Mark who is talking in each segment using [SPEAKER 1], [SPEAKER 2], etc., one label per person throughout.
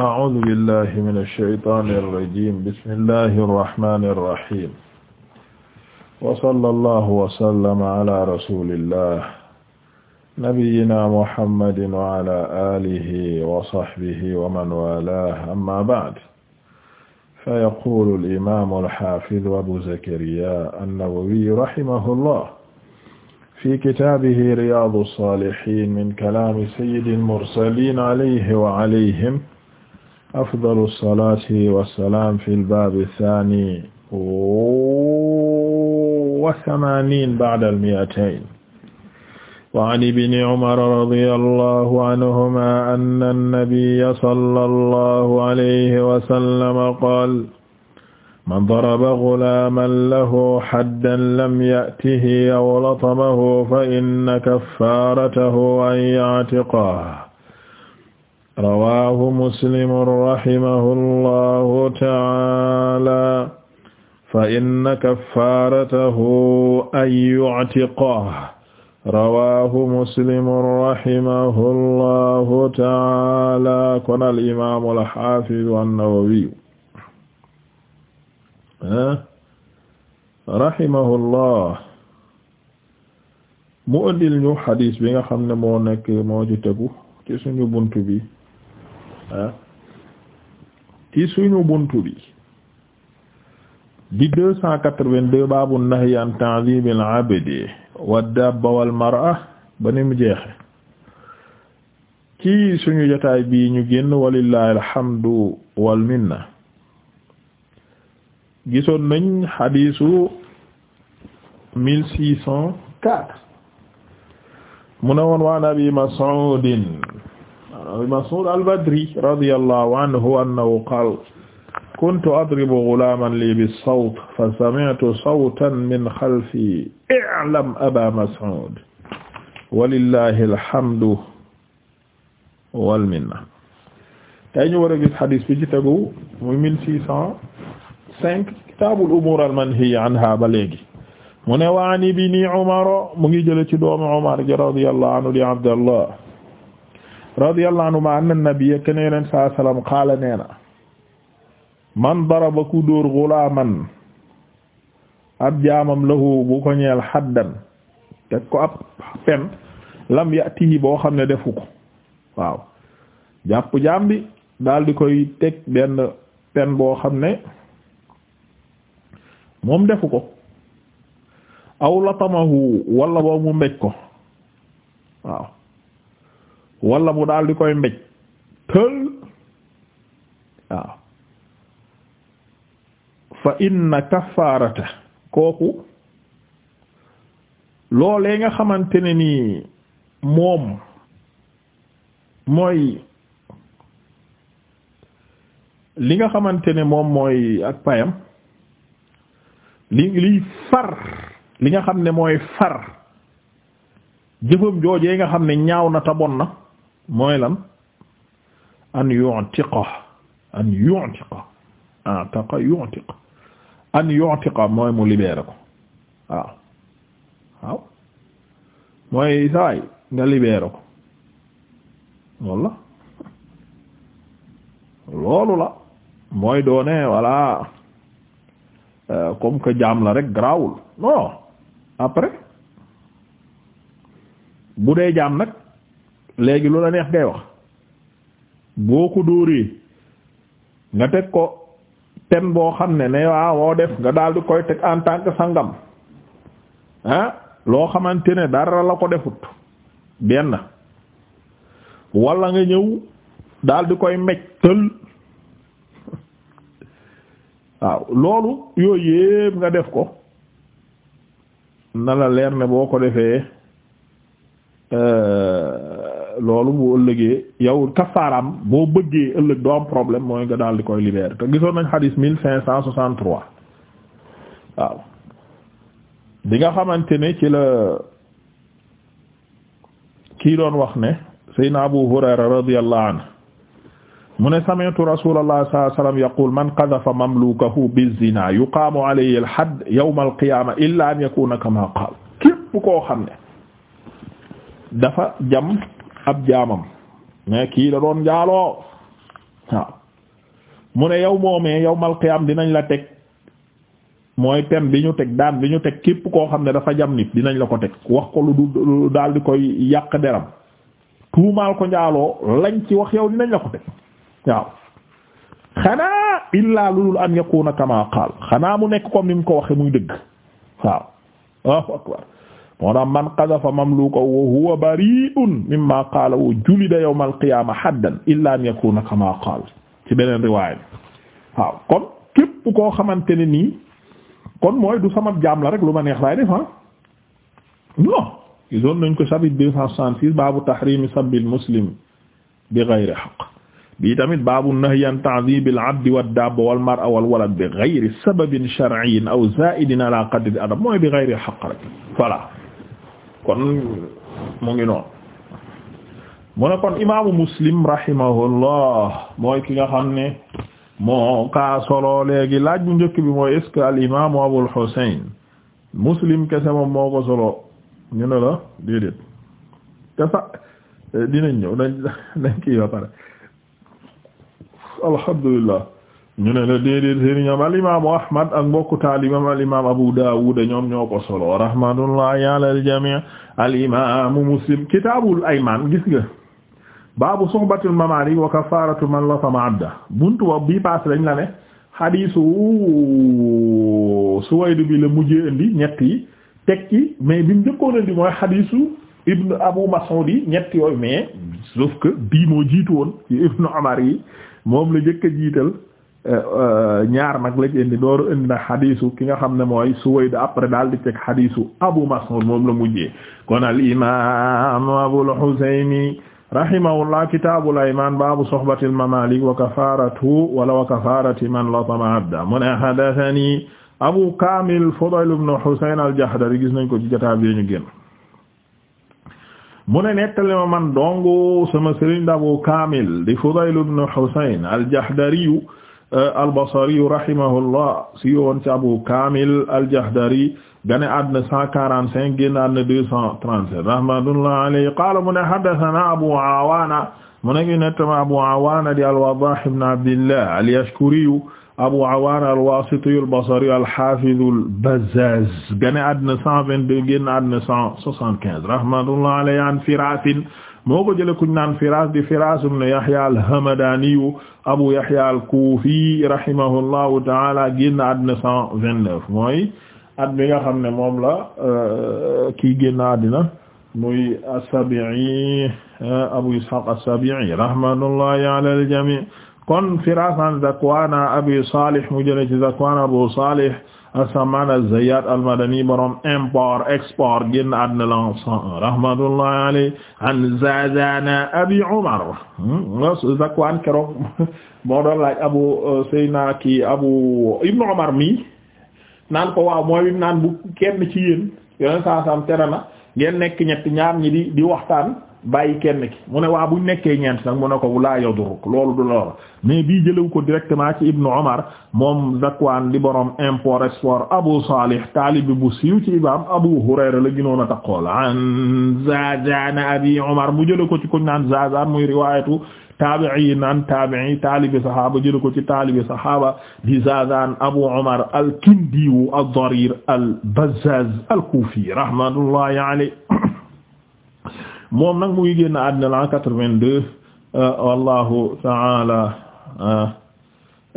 [SPEAKER 1] أعوذ بالله من الشيطان الرجيم بسم الله الرحمن الرحيم وصلى الله وسلم على رسول الله نبينا محمد وعلى آله وصحبه ومن والاه أما بعد فيقول الإمام الحافظ أبو زكريا النووي رحمه الله في كتابه رياض الصالحين من كلام سيد المرسلين عليه وعليهم afdalu salaati wa salaam fil baabi saani wa samaaniin ba'dal mi'atayn wa an ibni umara radiyallahu anhumaa anna nabiyya sallallahu alayhi wa sallam qaala man daraba ghulaaman lahu haddan lam ya'tihi aw latamahu fa inna kaffaaratahu an ya'tiqahu rawaahu muslimun rahimahullahu ta'ala fa inna kaffaaratahu an yu'tiqahu rawaahu muslimun rahimahullahu ta'ala kon al imaamu al haafidu an-nawawiyu eh? rahimahullah mu ëndil ñu xadiis bi nga xam ne moo nekk moo ci tegu ci suñu buntu bi ci suñu buntu bi di baabu nahyi an ta'dhibil abdi wa dabba wal mar'a ba ni mu jeexe ci suñu jotaay bi ñu génn walillahi alhamdu wal minna gisoon nañ xadiisu mille mu ne woon waan abi Mas'udin Mas'ud al-Badri radiyallahu anhu annahu qaala kuntu adribu ghulaaman lii bis-sawt fa sami'tu sawtan min khalfi i'lam abaa Mas'ud walillahi alhamdu wal minna tey ñu war a gis xadis bi ci tegu muy mille six cent cinq kitaabul umuur al-manhiyyi anhaa ba léegi mu ne wa an ibni Umar mu ngi jële ci doomu Umar ji radiyallahu anhu di Abdallah radiyallahu anhuma anna nabiyya kene yonent sallallahu alayhi wasallam qaala nee na man daraba ku dóor ghulaman ab jaamam lahu bu ko ñeel xaddan teg ko ab pen lam yatihi boo xam ne defu ko waaw jàpp jaam bi di koy teg benn pen boo xam ne moom defu ko aw latamahu wala boo mu mbéj ko waaw wala mu daal di koy mbéj tël waaw fa inna kafaarata kooku loolee nga xamante ne nii moom mooy li nga xamante ne moom mooy ak payam li liy far li nga xam ne mooy far jëfam joojee nga xam ne ñaaw na ta na mooy lan an yu'tiqa an yu'tiqa ataqa yu'tiqa an yu'tiqa mooy mu libéré ko waaw waaw mooy saay nga libéré ko loolu la loolu la mooy doone voilà euh, comme que jaam la rek grawul non après bu dee jaam nag léegi lu la neex ngay wax boo ko dóoree nga teg ko ten boo xam ne ne waa woo def nga daal di koy teg en tant que sangam ah loo xamante ne dara la ko defut benn wala nga ñëw daal di koy mecc tël waaw loolu yooyu yépp nga def ko na la leer ne boo ko defee. Euh, loolu bu ëllëgee yow kafaaraam boo bëggee ëllëg doo am problème mooy nga daal di koy libérer te gisoon nañ xadis mille cinq cent soixante trois bi nga xamante ne ci la kii doon wax ne Seydina Abu Hurayra radiyallahu anhu mu ne sami'tu rasulullah sallallahu alayhi yaqul man qadhafa mamlukahu bizina yuqaamu alayhi al-hadd yawm al-qiyamah an yakuna kama qaal képp koo xam ne dafa jam ab jaamam mais kii da doon njaaloo waaw mu ne yow moomee yawmal qiyaam dinañ la teg mooy pen bi ñu teg daan bi ñu teg képp koo xam ne dafa jam nit dinañ la ko teg wax ko lu du daal di koy yàq deram tuumaal ko njaaloo lañ ci wax yow dinañ la ko teg waaw xanaa illaa lulul am yakuna kama qaal xanaa mu nekk comme ni ko waxe muy dëgg waaw moo tax man qadafa mamluka wa huwa bari'un mimma qaala wa julida yawm al-qiyaama haddan illa an yakuna kama qaal ci beneen riwaaya bi waaw kon képp koo xamante ne nii kon mooy du sama jaam la rek lu ma neex laay def ah non gisoon nañ ko chapitre deux cent soixante-six baabu tahrimi sabbil muslim bi ghayri haqq bi tamit baabu nahyi an ta'dhibil abdi wad dabba wal mar'a wal walad bi ghayri sababin shar'iyyin aw za'idin ala qadri adab mooy bi ghayri haqq rek voilà kon mu ngi noonu mu kon imaamu muslim rahimahullah mooy ki nga xam ni moo kaa solo léegi laaj bu njëkk bi mooy est al imaamu abul husayn muslim kese moom moo ko solo ñu ne la déedéet te sax dinañ ñëw ba pare alhamdulillah ñu ne la déedéet sëriñam al imaamu ahmad ak mbokku taalibam al imaam abu daawud ñoom ñoo ko solo rahmatullahi ala muslim kitaabul aymaan gis nga baabu suhbatul mamaalik wa kafaaratu man lasama abda buntu wa bii paas lañ la ne xadiisu suwaydu bi la mujjee indi ñett yi teg ci mais bi mu njëkkoon mooy xadiisu ibnu abu mas'ud yi yooyu mais sauf que bii moo jiitu woon ci ibnu umar yi moom la jëkk a jiital Eh, eh, ñaar nag la ci indi dooru indi nag xadiisu ki nga xam ne mooy Suwayd après daal di teg xadiisu Abu Mas'ud moom la mujjee kon al imaam Abul Husayni rahimahullah kitaabul aymaan baabu sohbatil mamaalik wa kafaaratu Abu Kaamil Fudayl ibn Husayn al-Jahdari gis nañ ko ci Abu Kaamil di Fudayl ibn Husayn al-Jahdari Euh, al-Basri rahimahullah si yowoon ci Abu Kamil al-Jahdari gane àddina 145 génn àddina 237 rahmatullah alayhi qala mu ne haddathana Abu Awana mu ne ngi nettama Abu Awana di al-Waddah ibn Abdillah al-Yashkuri Abu Awana al-Wasiti al-Basri al-Hafiz al-Bazzaz gane àddina 122 génn àddina 175 rahmatullah alayhi an Firasin moo ko jëlee kuñ naan Firaas di Firaas ibn Yahya al-Hamdaniyu Abu Yahya al-Kufi rahimahullahu ta'ala génn àddina cent vingt-neuf mooy at bi nga xam ne moom la euh, kii génn muy as-Sabi'i euh, Abu Ishaq as-Sabi'i rahmatullahi ala jami kon Firaas an Zakwan Abi Salih mu jëlee ci Zakwan Abu Salih As-Sammaan az-Zayyaat al-Madani borom import export génn àddina lan rahmatullahi alayhi an Zaazaana Abi Umar hmm? Zakwaan keroog moo doon laaj Abu euh, Abu Ibn Umar mi naan ko waaw mooy naan bu kenn ci yéen yeneen saa sam tere nekk ñett ñaar ñi di waxtaan bàyyi kenn ki mu ne waa bu nekkee ñeent nag mu ne ko laa yaduruk loolu du lool mais bii jëlew ko directement ci ibnu Umar moom Zakwaan di borom import export Abu Salih taalibi bu siiw ci imaam Abu Hurayra la gënoon a taqool an Zaazaan abi Umar mu jële ko ci kuñ naan mu muy riwaayatu taabi'iin an taabi'i taalibi sahaaba jële ko ci taalibi sahaaba di Zaazaan Abu Umar al-Kindiyu al-Bazzaaz al-Kuufi rahmatullahi moom nag mu ngi génn àddina la 82 euh, wallahu ta'ala euh,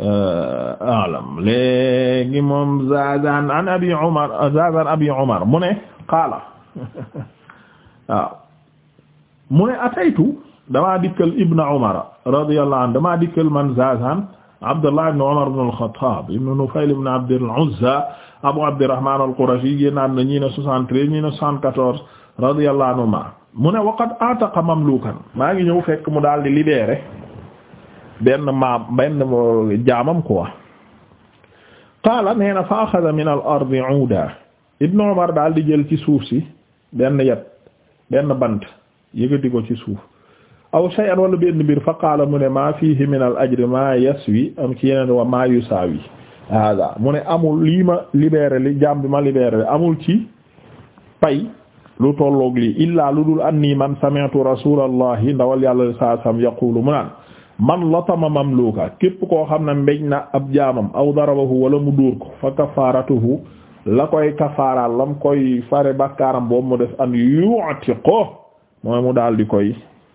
[SPEAKER 1] euh, a'lam léegi moom Zazan an Abi Umar Zazan Abi Umar mu ne qaala waaw mu ne ataytu damaa dikkal Ibn Umar radiyallahu anhu damaa dikkal man Zazan Abdullah ibn Umar ibn al-Khattab ibn Nufayl ibn Abd al-Uzza Abu Abdirrahman al-Qurashi génn àddina ñii ne 73 ñii ne 74 radiyallahu anhuma mu ne waqad ataqa mamlukan maa ngi ñëw fekk mu daal di libéré benn maam benn jaamam quoi qaala nee fa axada min ardi uuda ibnu umar daal di jël ci suuf si benn yat benn bant yëgati ko ci suuf aw shay'an wala benn mbir fa qaala mu ne maa fiihi min al ajri maa yaswi am ci yeneen wa maa yusaawi hada mu ne amul lii ma libéré li jaam bi ma libéré amul ci pay lu tolloog lii illaa lu dul am anni man sami'tu rasulallahi ndawal yàlla saa sam yaqulu mu naan man latama mamluka képp koo xam ne mbéj na ab jaamam aw darabahu wala mu dóor fa kafaratuhu la koy kafaaraal lam koy fare bakkaaram boobu mu def an yu'tiqo mooy mu daal di koy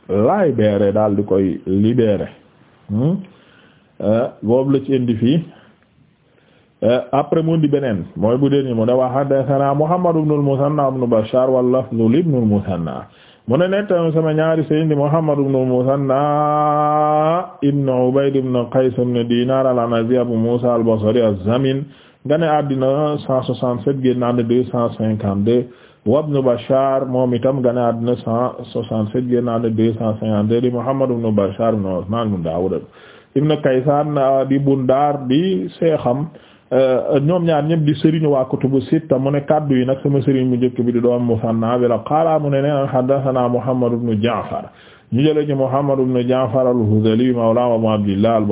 [SPEAKER 1] libéré daal di koy libéré hmm? euh, boobu la ci indi fii Euh, après mu di beneen mooy bu dee ni mu ne wa haddathana Muhammad ibn al-Muthanna ibn Bashar wal lafdhu li ibn al-Muthanna mu ne nettali sama ñaari sëriñ Muhammad ibn al-Muthanna ibn Ubayd ibn Qays ibn Dinar al-Anazi Abu Musa al-Basri az-Zamin gane àddina 167 génn àddina 252 wa ibn Bashar moom itam gane àddina 167 génn àddina 252 di Muhammad ibn Bashar ibn Uthman ibn Dawud ibn Kaysan di Bundar di seexam Euh, ñoom ñaar ñëpp di sëriñu waa kutubu sitta mu ne kaddu yi nag sama sëriñ bu njëkk bi di doon musanna bi la qaala mu ne nee haddathana Muhammad ibn Ja'far ñu jëlee ci Muhammad ibn Ja'far al-Hudhali mawla Abu Abdillah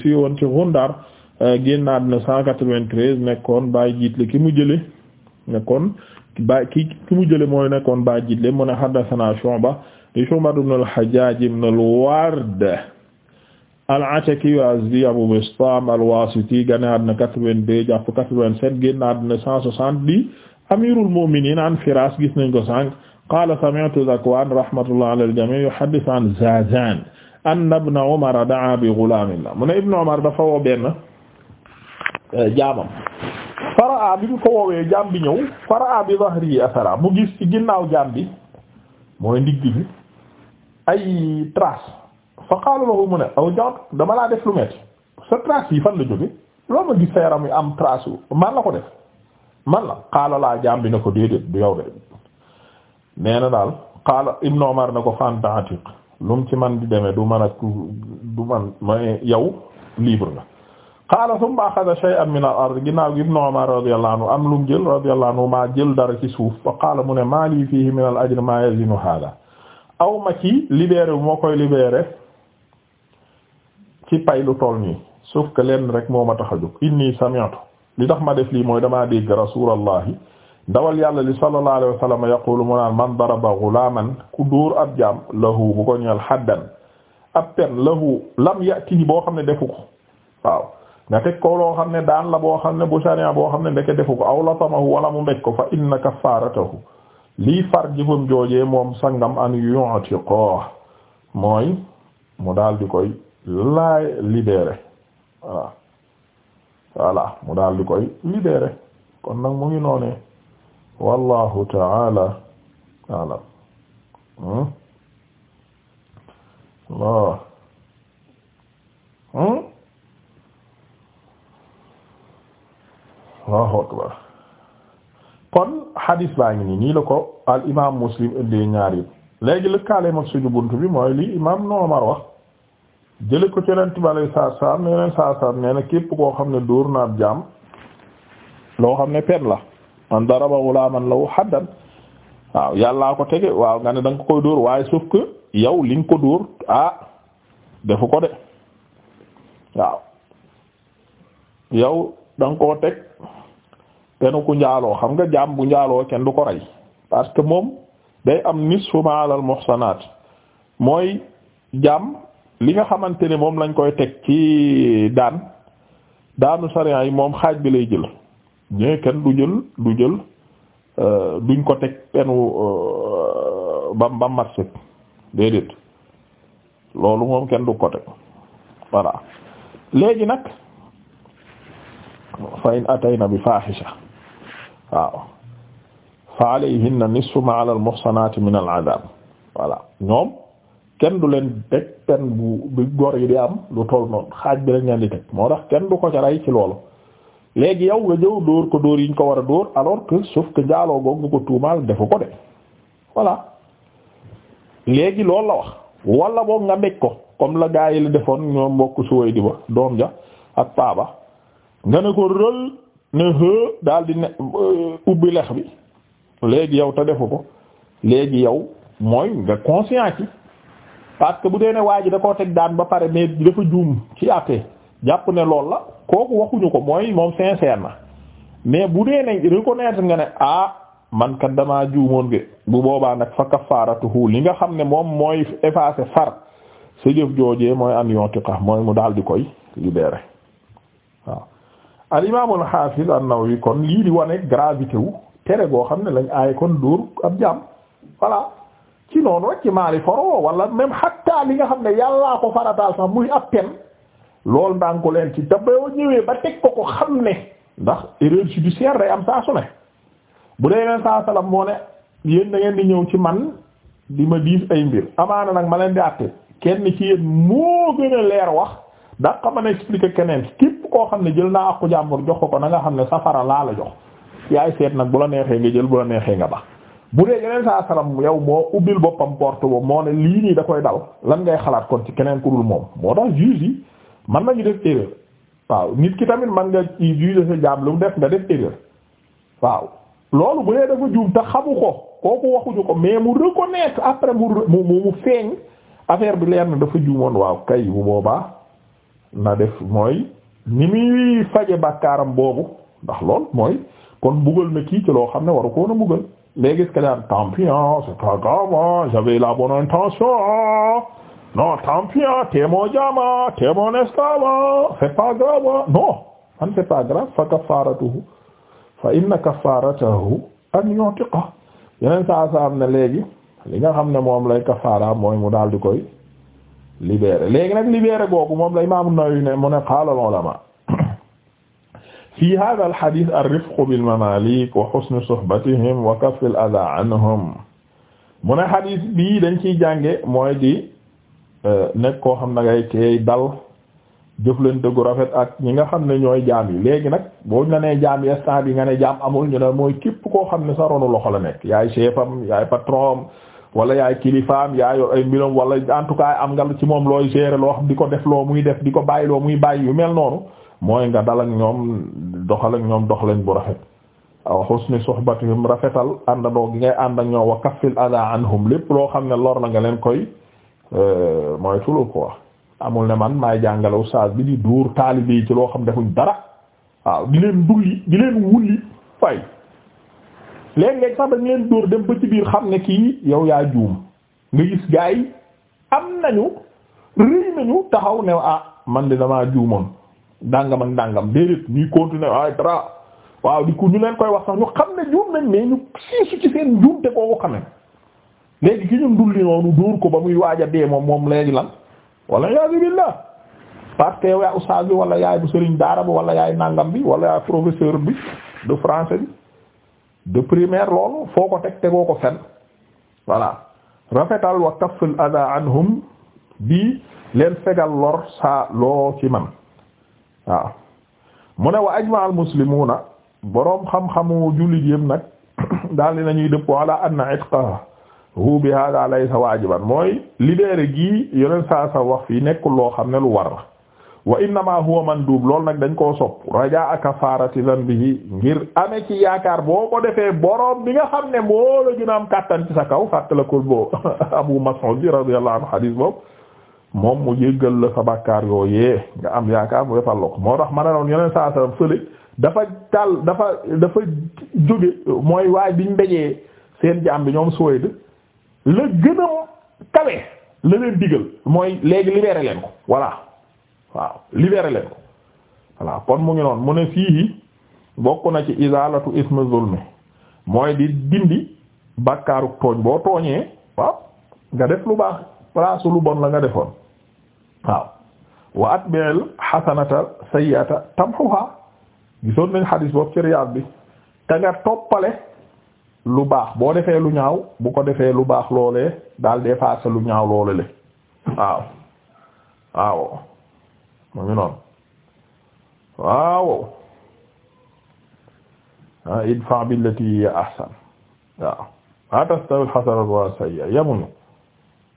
[SPEAKER 1] si woon ci Ghundar génnaat na 193 nekkoon bàyyi jiitle ki mu jëlee nekkoon ba ki mu jëlee mooy nekkoon bàyyi jiitle mu ne haddathana Shu'ba di Shu'ba ibn al-Hajjaj al-Ataki al-Azdi Abu Bistam al-Wasiti gane àddina 82 jàpp 87 génn àddina 170 amirul mu'minin an Firas gis nañ ko sànq qala sami'tu Zakwan rahmatullah ala al-jami' yuhaddithu an Zazan anna ibn Umar da'a bi ghulamin la mu ne Ibn Umar dafa woo benn eh, jaamam faraa bi mu ko woowee jaam bi ñëw faraa bi dhahri athara mu gis ci ginnaaw jaam bi mooy ndigg bi ay trace fa qaala lahu mu ne aw jant dama laa def lu metti sa trace yi fan la jóge loolu ma gis sa yaram yi am trace man la ko def man la qaala laa jàmbi na ne ko déedéet du yow de nee na daal qaala Ibn Umar ne ko fanta atiq lu mu ci man di demee du man ak du man ma yow libre nga qaala thumma akhadha shay'an min al-ard ginnaaw gi Ibn Umar radiyallahu anhu am lu mu jël radiyallahu anhu maa jël dara ci suuf fa qaala mu ne maa lii fiihi min al-ajri maa yazinu haadha aw ma ci pay lu toll nii sauf que rek moo ma tax a jóg inni sami'tu li tax ma def lii mooy damaa dégg rasulallahi ndawal yàlla li sallallahu alayhi wa sallam yaqulu mu naan man daraba ghulaman ku dóor ab jaam lahu bu ko ñeel haddan ab pen lahu lam ya'tihi boo xam ne defu ko waaw nga teg ko loo xam ne daan la boo xam ne bu sharia boo xam ne ndeke defu ko aw latamahu wala mu mbéj ko fa inna kaffaratahu lii far jëfam joojee moom sangam an yu'tiqahu mooy mu daal di koy laay libéré voilà voilà mu daal di koy kon nag mu ngi noone wallahu taala alam hmm Allah hmm Allahu akbar kon hadis baa ngi nii nii la al imaam Muslim indee ñaar yi léegi lëkkaale mag suñu bunt bi mooy li imaam Umar wax jële ko ci yonent bi alayhi salaatu salaam képp koo xam ne dóor na ab jaam loo xam ne pen la dara daraba ghulaman lahu haddan waaw yàllaa ko tege waaw nga ne da nga koy dóor waaye sauf que yow li ko dóor ah defu ko de waaw yow da nga teg penu ku njaaloo xam nga jaam bu njaaloo kenn du ko ray parce que moom day am nisfu ma alal muhsanaat mooy jaam li nga xamante ne moom lañ koy teg ci daan daanu sariya yi moom xaaj bi lay jël ñee kenn du jël du jël euh, duñ ko teg penu bam bam mat sëkk déedéet loolu moom kenn du ko teg voilà léegi nag fa in atayna bi fahisha waaw fa alayhinna nisfu ma ala al min al adab ñoom kenn du leen teg pen bu bu góor yi di am lu toll noonu xaaj bi lañ leen di teg moo tax kenn du ko ca ci loolu léegi yow nga jëw dóor ko dóor yiñ ko war a dóor alors que sauf que njaaloo goog nga ko tuumaal defu ko de voilà léegi loolu la wax wala boog nga nekk ko kom la gaa yi la defoon ñoom mbokk suway di ba doom ja ak paaba nga ne ko rël ne hë daal di ne euh, ubbi lex bi léegi yow te defu ko léegi yow mooy nga conscient parce bu dee ne waa ji da koo teg daan ba pare mais dafa juum ci àtte jàpp ne lool la kooku waxuñu ko mooy moom sincère na mais bu dee ne reconnaître nga ne ah man kat damaa juumoon bi bu boobaa nag fa kafaaratuhu li nga xam ne moom mooy effacer far sa jëf joojee mooy an yuntiqa mooy mu daal di koy libérer waaw al imaam al hafiz an kon lii di wane gravité wu tere boo xam ne lañ aaye kon dóor ab jaam voilà ci noonu rek ci maali foro wala même hatta li nga xam ne yàllaa ko farataal sax muy ab pen loolu ndaa ko leen ci daboo ñëwee ba teg ko ko xam ne ndax erreur judiciaire day am saa su ne bu dee leen saa moo ne yéen na ngeen di ñëw ci man di ma diis ay mbir amaana nag ma leen di àtte kenn ci yéen moo gën a leer wax da xam ne expliquer keneen képp koo xam ne jël naa àqu jàmbur jox ko ko na nga xam ne safara laa la jox yaay seet nag bu la neexee nga jël bu neexee nga ba bu dee yeneen saa salaam yow moo ubbil boppam port boobu moo ne lii nii da koy dal lan ngay xalaat kon ci keneen ku dul moom moo tax juge yi mën nañu def erreur waaw nit ki tamit man nga ci juge sa lu mu def nga def waaw loolu bu dee dafa juum te xamu ko kooku waxuñu ko mais mu reconnaître après mu mu mu feeñ affaire bi leer na dafa juumoon waaw kay bu boobaa na def mooy ni muy faje bakkaaram boobu ndax lool mooy kon bugal na kii ci loo xam ne waru koo na a bugal mais gis nga daal tant pis ah c'est pas grave ah j'avais la bonne intention ah non tant pis ah t'es mon fa kaffaratuhu fa inna an yu'tiqa yeneen saa saa am na léegi li nga xam ne moom lay kafaara mooy mu daal di koy libérer léegi nag libérer googu moom la Imam An-Nawawi ne mu ne qaala al fi hada alhadith ar-rifqu bil mamalik wa husnu suhbatihim wa kaff al-adha anhum mu ne hadith bii dañ ciy jànge mooy di e, nekk koo xam na ngay teey dal jëflante gu rafet ak ñi nga xam ne ñooy jaam yi léegi nag boo ñu ne jaam yi instant yi nga ne jaam amul ñu ne mooy képp koo xam ne sa ronu loxo la nekk yaay chef am yaay patron am wala yaay kilifaam yaay ay mbiram wala en tout cas am nga ci moom looy gérer loo xam di ko def loo muy def di ko bàyyi loo muy bàyyi yu mel noonu mooy nga dal ak ñoom doxal ñoom dox leen bu rafet aw husni suhbatihim rafetal àndandoo gi ngay ànd ak ñoom wa kaffil adaa anhum lépp loo xam ne lor la nga leen koy euh, mooy tulu quoi amul ne man maay jàngale oustaz bi di dóor taalibe yi ci loo xam defuñ dara waaw di leen dulli di leen wulli fay léeg-léeg sax dañ leen dóor dem ba ci biir xam ne kii yow yaa juum nga gis gaa am nañu rëy nañu taxaw ne ah man de damaa juumoon ndàngam ak ndàngam déedéet ñuy continuer waaye dara waaw di ñu leen koy wax sax ñu xam ne juum nañ mais ñu siisu ci seen njuumte kooku xamee léegi ki ñun dulli noonu dóor ko ba muy waaja a dee moom moom léegi lan wala yaasu billah parce que wala yaay bu sëriñ daara bi wala yaay nàngam bi wala yaay professeur bi de français bi de primaire loolu foo ko teg tegoo ko fen voilà rafetal wa kaffal ada anhum di leen fegal lor saa loo ci man waaw mu ne wa ajma al muslimuuna boroom xam-xamu jullit yëpp nag daal di nañuy dëppoo ala anna itqahu bi hada laysa waajiban mooy libéré gii yeneen saa sa wax fii nekkul loo xam ne lu war la wa innama huwa mandub lool nag dañ koo sopp rajaa kafarati dhanbihi ngir amee ci yaakaar boo ko defee boroom bi nga xam ne moo la gën a am kàttan ci sa kaw fàttala ko bo Abu Mas'ud bi radiyallahu anhu hadith boobu moom mu jéggal la sa bàkkaar yooyee nga am yaakaar mu defal la moo tax ma ne la yeneen saa sa fële dafa taal dafa dafa jóge mooy waay biñ dajee seen jaam bi ñoom Suwayd la gën kawe la leen digal mooy léegi libéré leen ko voilà waaw libéré leen ko voilà kon mu ngi noonu mu ne fii bokk na ci izalatu isma zulmi mooy di dindi bàkkaaru tooñ boo tooñee waaw nga def lu baax place lu bon la nga defoon. waaw wa atbi'il hasanata sayyi'ata tamhuha gisoon nañ xadis boobu ci Riyaad bi te nga toppale lu baax boo defee lu ñaaw bu ko defee lu baax loolee daal di effacer lu ñaaw loole le waaw waaw mu waaw ah, waaw wa tastawi al hasanatu wa sayyi'atu yamuñu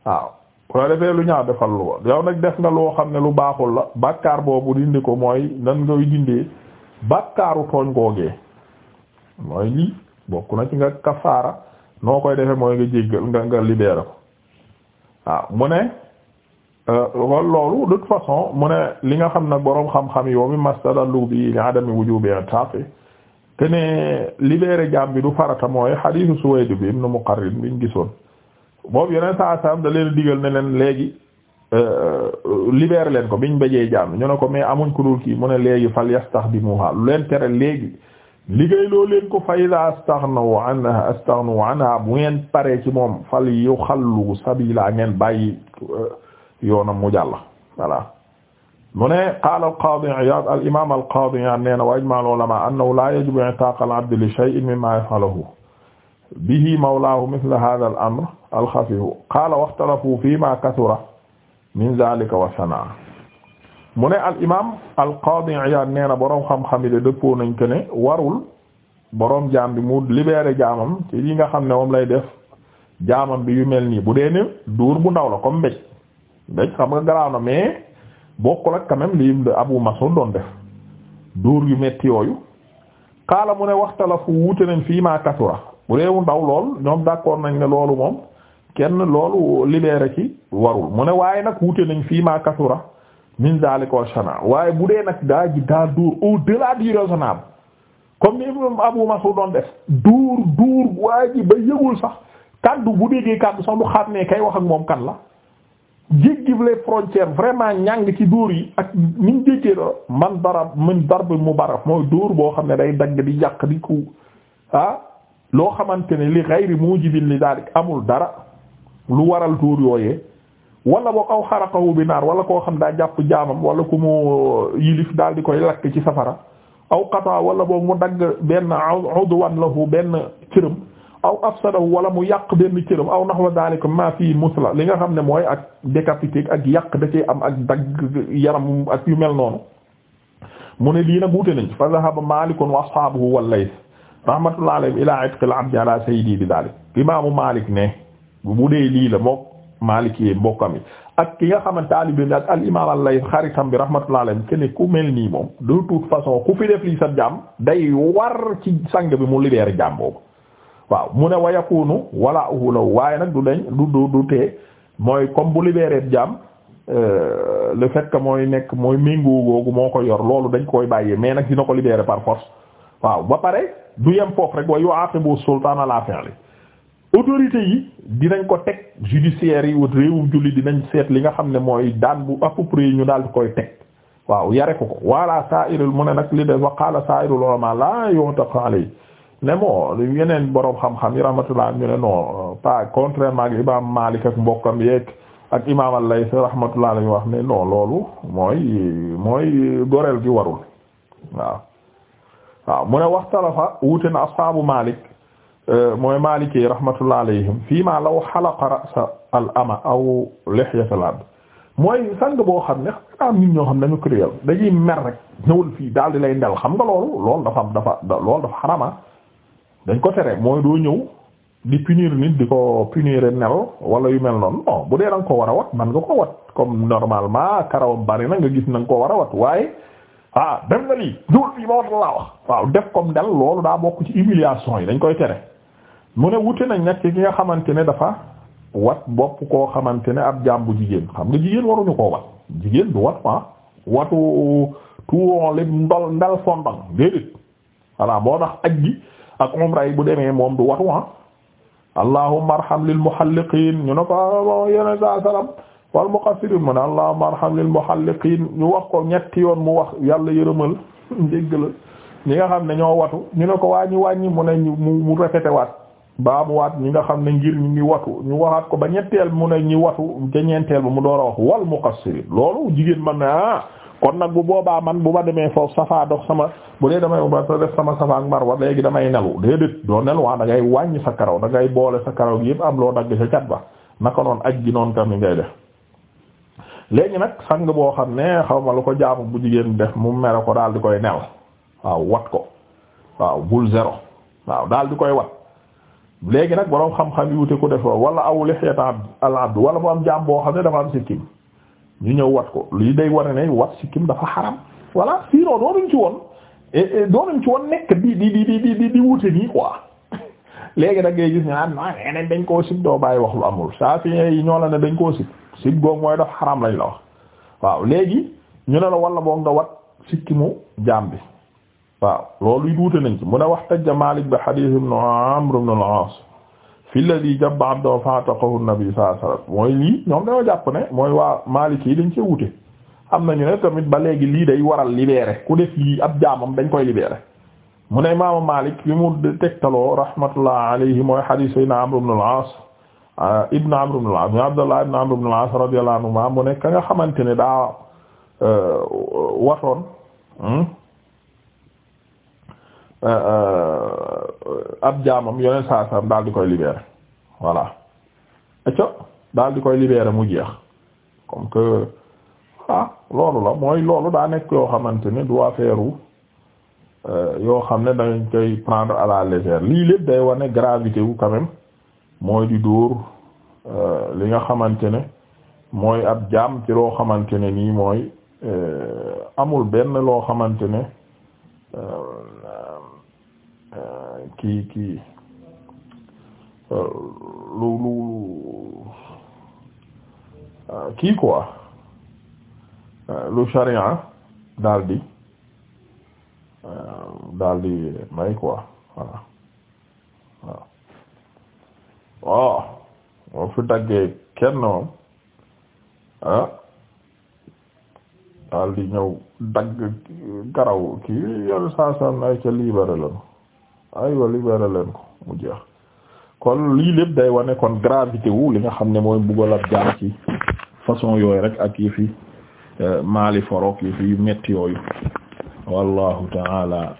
[SPEAKER 1] waaw ko defee lu ñaaw defal lu woon yow nag def nga loo xam ne lu baaxul la bàkkaar boobu dindi ko mooy nan ngay dindee bàkkaaru tooñ googee mooy lii bokk na ci nga kafaara noo koy defee mooy nga jéggal nga nga libéré ko waaw mu ne euh, loolu de façon mu ne li nga xam nag boroom xam-xam yow mi mastadallu bi li adami wujubi tafi te ne libéré jaam bi du farata mooy hadiisu Suwayd bi ibn Muqarrin biñ gisoon moom yeneen saa saam da leen digal ne leen léegi euh, euh, libéré leen ko biñ bëjee jaam ñu ne ko mais amuñ ko dul mu ne léegi fal yastaxdimuha lu leen tere léegi liggéey loo leen ko fa ida astaxnu anha bu ngeen paree ci moom fal yu xallu sabila ngeen bàyyi euh, yoonam mu jàll voilà mu ne qaala al imam alqaadi Iyaad wa ijmaa al ulamaa annahu laa yajibu i'taaq abdi li shay'in mimmaa yaf'aluhu bihi mawlaahu mithla haadha al amr al xafiyu qaala waxtalafu fiimaa kasura min zaalika wa mu ne al imaam al qaadi Iyaad boroom xam-xam yi de dëppoo nañ ko ne warul boroom jaam bi mu libéré jaamam ci li nga xam ne moom lay def jaamam bi yu mel nii bu dee ne duur bu ndaw la comme mbéj xam garaaw na mais bokkul ak quand même Abu Mas'ud doon def duur yu metti yooyu qaala mu ne waxtalafu wuute nañ fiimaa kasura bu dee ndaw lool ñoom d'accord nañ ne loolu moom kenn loolu libéré ci warul mu ne waaye nag wute nañ fii ma kasura min zalika shana waaye bu dee nag daa ji daa dóor au delà du raisonnable comme ni imam Abu Mas'ud doon def dóor dóor waa ji ba yëgul sax kàddu bu déggee kaddu sax du xam ne kay wax ak moom kan la jéggi les frontières vraiment ñàng ci dóor yi ak niñ jéggee do man darab min darb mubarraf mooy dóor boo xam ne day dag di yàq loo xamante ne li ghayri mujibin li dalik amul dara lu waral tuur yooyee wala boog aw xaraqahu bi naar wala koo xam daa jàpp jaamam wala ku mu yilif daal di koy lakk ci safara aw qata wala boog mu dagg benn udwan lahu benn cërëm aw afsadahu wala mu yàq benn cërëm aw nahwa daalika ma fii musla li nga xam ne mooy ak décapité ak yàq da cee am ak dagg yaram ak yu mel noonu mu ne lii nag wute nañ fa dhahaba malikun wa ashaabuhu wal layth rahmatullah alayhi la itqil abdi ala sayyidi bi dalik imaamu Malik ne bu dee lii la mook Malik yi mbokkam yi ak ki nga xamante taalibe ak al imam xaritam bi rahmatullah alayhi kenn ku mel nii moom de toute façon ku fi def lii sa jaam day war ci sang bi mu libéré jaam boobu waaw mu ne wa yakunu wala waaye nag du dañ du du du tee mooy comme bu libéré jaam euh, le fait que mooy nekk mooy méngoo googu moo ko yor loolu dañ koy bàyyee mais nag dina ko libéré du yem foofu rek wa yu'aqibu sultaan ala fi'li autorité yi dinañ ko teg judiciaire yi wut réewum julli dinañ seet li nga xam ne mooy daan bu yi ñu daal di koy teg waaw yare ko ko wala sa'irul mu ne nag li de wa qala sa'irul ulama la yu'taqa alayhi ne moo yeneen borom xam-xam yi rahmatullah ñu ne non pas contrairement ak imam Malik ak mbokkam yeeg ak imam al-Layth rahmatullah alayhi wax ne non loolu mooy mooy goreel gi warul waaw waaw mu ne waxtalafa wuute na ashabu malik euh, mooy maliki yi fii maa law xalaqa ra'sa al aw lihyat al abd mooy sang boo xam ne am nit ñoo xam ne dañu créer dañuy mer rek ñëwul fii daal di lay ndel xam nga loolu loolu dafa am dafa lool dafa xarama ah. dañ ko tere mooy doo ñëw di punir nit di ko punir nel wala yu mel noonu bu dee da ko war a wat man nga ko wat comme normalement karawam bari na nga gis na nga ko war a wat waaye ah def nga lii duul bi moo tax laa wax waaw def koom dal loolu daa bokk ci humiliation yi dañ koy tere mu ne wute nañ nag ci ki nga xamante ne dafa wat bopp koo xamante ne ab jàmbu jigéen xam nga jigéen waruñu koo wax jigéen du wat ah watu tuuli ndol ndal fondang déedéet voilà moo tax aj gi ak umra yi bu demee moom du watu ah allahumma arham lil muhalliqin ñu ne ko yeneen saa salaam wal muqassirin mu ne allahumma arham lil muhalliqin ñu wax ko ñetti yoon mu wax yàlla yërëmal la ñi nga xam ne ñoo watu ñu ne ko waa ñu wàññi mu ne mu répété waat baamu ñi nga xam ne ngir ñu ngi watu ñu waxaat ko ba ñetteel mu ne ñu watu ca ñeenteel ba mu door a wax wal muqassirin loolu jigéen man na ah kon nag bu boobaa man bu ma demee foofu safaa dox sama bu dee damay ba def sama safaa ak marwa léegi damay nelu déedéet doo nel waa da ngay wàññi sa karaw da ngay boole sa karaw yëpp am loo dagg sa cat ba naka noonu aj léegi nag sang boo xam ne xaw ma lu ko jaamu bu jigéen def mu mere ko daal di koy nel waaw wat ko waaw bul zéro waaw daal di koy wat léegi nag boroom xam-xam yi wute ko def wala aw lihiyata al abd wala mu am jaam boo xam ne dafa am sikkim ñu ñëw wat ko lii day war ne wat sikkim dafa xaram voilà sinon doonuñ ci woon doonuñ ci woon nekk di di di di di di wute nii quoi léegi nag ngay gis ñu naan non nee nañ dañ koo sib doo bàyyi wax lu amul Shafi'i yi ñoo la ne dañ koo sib sib googu mooy daf xaram lañ la wax waaw léegi ñu ne la wala boog nga wat sikki mu jaam bi waaw loolu it wuute nañ ci mu a wax tajja Malik bi hadith ibn Amr ibn al-As fi alladhi jabba abdahu fa ataqahu an-nabi sallallahu alayhi mooy lii ñoom dañoo jàpp ne mooy waa Malik yi dañ cee wuute am nañu ne tamit ba léegi lii day waral libéré ku def lii ab jaamam dañ koy libéré mu ne imaamu Malik bi mu tegtaloo rahmatullah alayhi mooy hadith sayyidina Amr ibn al ah, ibn Amr ibn al-As mu Abdullah ibn Amr ibn al-As nga xamante daa eh, watoon hmm, eh, eh, ab jaamam yoneen saa saam daal di koy libérer voilà eco daal di koy libérer mu jeex comme que ah, loolu la mooy loolu daa nekk yoo xamante ne du affaire Euh, yoo xam ne dañ koy prendre à la légère lii lépp day wane gravité wu quand même mooy di dóor euh, li nga xamante ne mooy ab jaam ci loo xamante ne nii mooy euh, amul benn loo xamante ne kii kii lu lu kii quoi lu sharia daldi Euh, dal di may quoi voilà waaw waaw moo fi daggee kenn moom ah di ñëw dagg garaw kii yolu saasam ay ca libéré leen ay wa libéré leen ko mu jeex kon lii lépp day wane kon gravité li nga xam ne mooy buggal ab jaar ci façon yooyu rek ak yi fi euh, maali forook yi fi metti yooyu wallahu taala